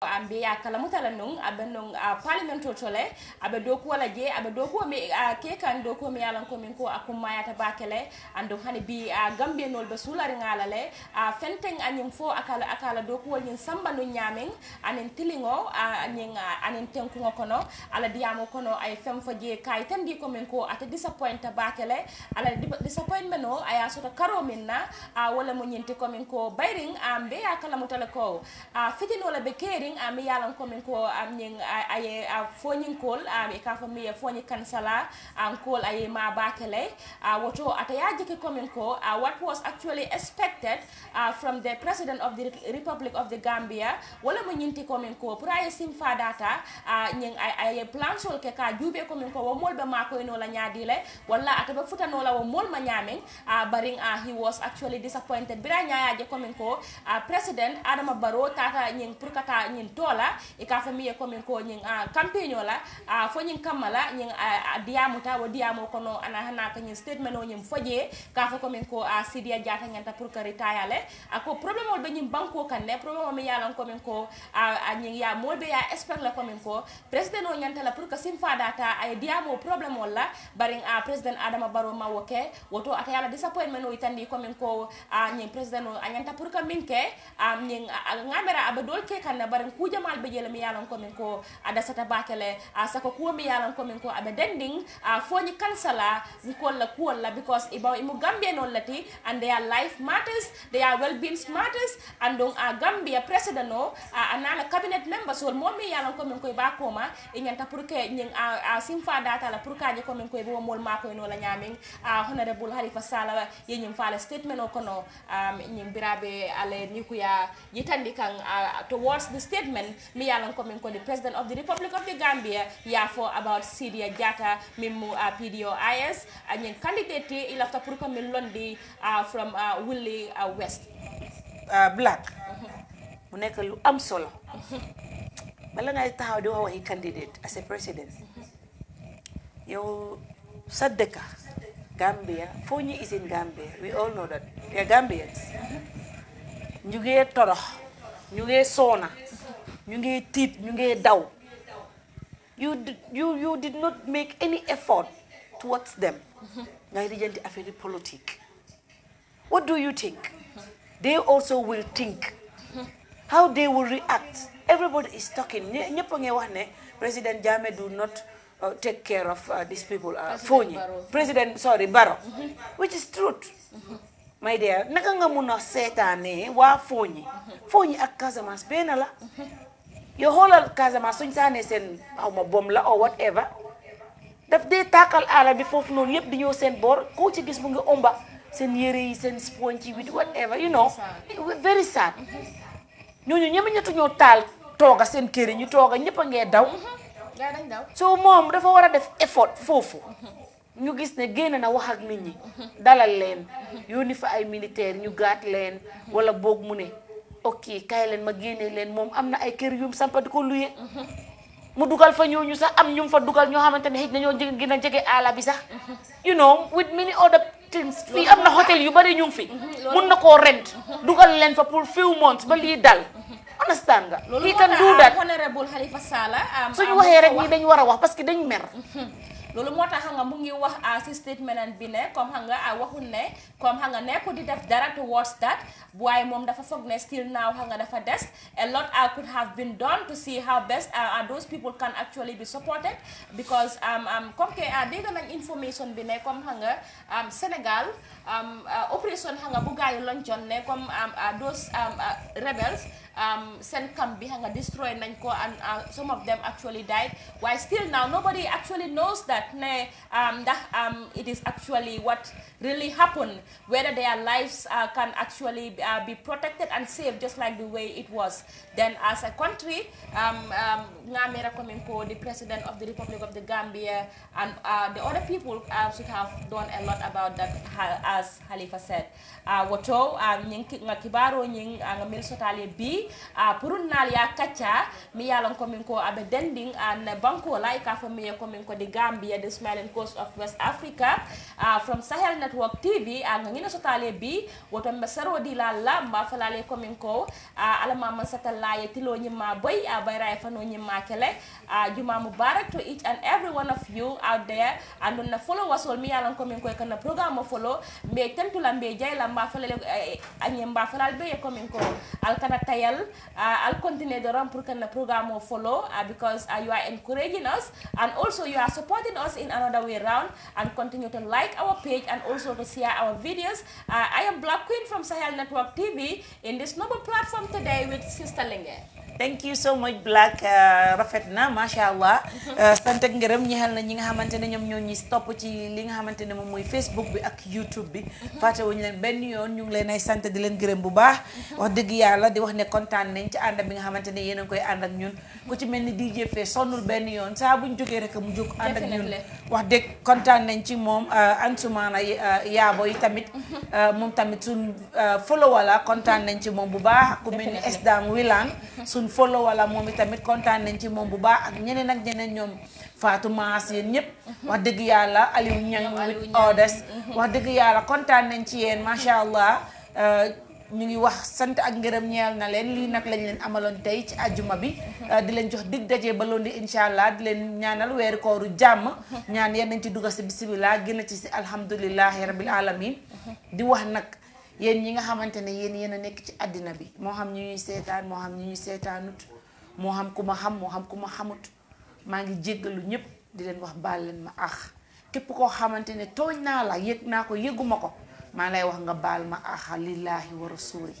ambe ya kalamutala nung abe nung a parliamento tole abe doku a je abe doku mi a ke kan doku mi yalan ko min ko akuma ya tabakele ando hani bi a gambe nol be a fenteng anyum fo akala akala doku a nyin anen tenku kono ala diamo kono ay fem fo je kay tan disappoint tabakele ala disappointment no aya sota karo min na a wala mo nyinti ko min ko bayring ambe ya kalamutala ko a fitinola be keri ning a ah, mi yalan komin ko am ñing aye a foñin kol am e ka fo mi foñi kansala an ah, kol aye ma bakele a ah, woto ataya jiki komin ko uh, what was actually expected uh, from the president of the republic of the gambia wala mo ñinti komin ko aye simfa data uh, ñing aye plan sol ke ka jube komin ko wo molbe ma koy no la nyaadile wala atabe futano la wo mol ma nyaaming uh, he was actually disappointed bira nyaaya je komin president adama baro ñin tola e ka fo miye komin ko ñin a ah, la a ah, fo ñin kammala ñin a ah, diyamuta wo diyamo kono ana hana ka ñin statement o ñin foje ka fo komin ko a sidia ñanta pour que retaya le ako a ñin ya molbe la komin ko président o ñanta la pour que sim fadata ay diyamo problème ol la barin a président o ko a ñin président a ñanta pour que min ke a ñin ngamera abe dol ke kan na barin jam kujamal be jele mi yalon komin ko ada sata bakele a sako kuwa mi yalon komin ko abe dending a foñi kansala nkolla kuwolla because ibaw imu gambia non lati and their life matters their well-being matters and donc a gambia president o a anala cabinet members wol momi yalon komin koy ba koma e ñanta pour que ñing a, a simfa data la pour kañi a honorable halifa sala ye ñim fala statement o kono um, ñim birabe ale nikuya yitandi kan uh, towards statement mi yalan komin ko the president of the republic of the gambia yafo about syria jata min mu uh, pdois añen candidate ilafta pour ko min londi uh, from uh, willi uh, west black mm-hmm. mu nekk lu am solo bala ngay taxaw di wax waxi candidate as a president mm-hmm. yow sa dëkka Gambia foo ñu is in Gambia we all know that we are mm-hmm. torox ñu soona ñu ngi tiit ñu ngi daw you did you you did not make any effort towards them ngay lijjanti affaire politique what do you think they also will think how they will react everybody is talking ñëpp a wax ne président Jammeh do not uh, take care of uh, these people fooñi uh, président sorry Barrow which is truth my dear naka nga mun a seetaanee waa fooñi fooñi ak Casamance benn la yow xoolal Casamance suñ saanee seen awma ma la or whatever daf dee taakal aala bi foofu noonu yëpp di ñëw seen boor koo ci gis mu ngi omba seen yëre yi seen sponge yi with whatever you know very sad ñooñu ñeme ñetu ñoo taal tooga seen kër yi ñu tooga ñëpp a ngee daw so moom dafa war a def effort foofu ñu gis ne génn na wax ak nit ñi dalal leen yónni fa ay militaire ñu gaat leen wala boog mu ne ok kaay leen ma génnee leen moom am na ay kër yum sampa di ko luye mu dugal fa ñooñu sax am ñu fa dugal ñoo xamante ne xëj na ñoo gën a jege àll bi sax you know with many other things fii am na hôtel yu bari ñu ngi fi mhm, mun na koo rent mhm. dugal leen fa pour few months ba lii dal mhm. understand nga he can do that honorable Halifa Sallah suñu waxee rek ñi dañ war a wax parce que dañ mer loolu moo tax xam nga mu ngi wax ah, si statement bi ne comme xam nga ah, waxul ne comme xam nga nekku di def dara towards that waaye moom dafa foog ne still now xam nga dafa des a lot I ah, could have been done to see how best those people can actually be supported because um um, comme que dégg nañ information bi ne comme xam nga um, Sénégal um, opération xam nga bu gaayu loncoon ne comme um, those um rebels seen camp bi xam nga destroy nañ ko and some of them actually died Why still now nobody actually knows that um, that ne um, ndax it is actually what really happened whether their lives uh, can actually uh, be protected and saved just like the way it was then as a country um, Ngamira Kominko the president of the Republic of the Gambia and uh, the other people should have done a lot about that as Halifa said woto nga kibaro nying nga mil sotale bi purun nal ya kacha mi yalon kominko abe dending banko la ka famiye di Gambia media the smiling coast of west africa uh, from sahel network tv angangina uh, sotale bi woto mbesero di la la mba falale komin ko uh, alama man satalla ye tilo boy a uh, bayra e fano nyima uh, juma mubarak to each and every one of you out there and on the follow us all mi yalan komin ko kana programme follow mbe tentula mbe jayla mba falale anye eh, eh, mba falal be ye komin ko al continue de ram pour kana follow because uh, you are encouraging us and also you are supporting us in another way around and continue to like our page and also to share our videos. Uh, I am Black Queen from Sahel Network TV in this noble platform today with Sister Linge. thank you so much Black uh, rafet na macha allah uh, sant ak ngërëm ñeexal na ñi nga xamante ne ñoom ñoo ñi topp ci li nga xamante ne moom mooy Facebook bi ak YouTube bi fàtte wuñu leen benn yoon ñu ngi leen ay sant di leen gërëm bu baax dëgg yàlla di wax ne nañ ci ànd bi nga xamante ne yéen a koy ànd ak ñun ku ci mel ni DJ Fee sonnul benn yoon saa buñ jógee rek mu jóg ànd ak ñun wax dëgg kontaan nañ ci moom uh, Ansoumana Yaabo yi tamit moom tamit suñ follow wala kontaan nañ ci moom bu baax ku mel ni Esdam Wilane suñ follow wala moom itamit kontaan nañ ci moom bu baax ak ñeneen ak ñeneen ñoom Fatou Maas yéen ñëpp wax dëgg yàlla Aliou Niang with orders mhm. wax dëgg yàlla kontaan nañ ci yéen macha allah euh, ñu ngi wax sant ak ngërëm ñeel na leen lii nag lañ leen amaloon tey ci àjjuma bi mhm. euh, di leen jox dig daje ba loon di incha allah di leen ñaanal weeru kooru jàmm mhm. ñaan yeen nañ ci dugg si bisimilah gën ci si alhamdulilahi rabil alamin di wax nag yéen ñi nga xamante ne yéen yéen a nekk ci àddina bi moo xam ñu ñuy seetaan moo xam ñu ñuy seetaanut moo xam ku ma xam moo xam ku ma xamut maa ngi jéggalu ñëpp di leen wax baal leen ma ax képp koo xamante ne tooñ naa la yëg naa ko yëguma ko maa lay wax nga baal ma axa lillaahi wa rasuuli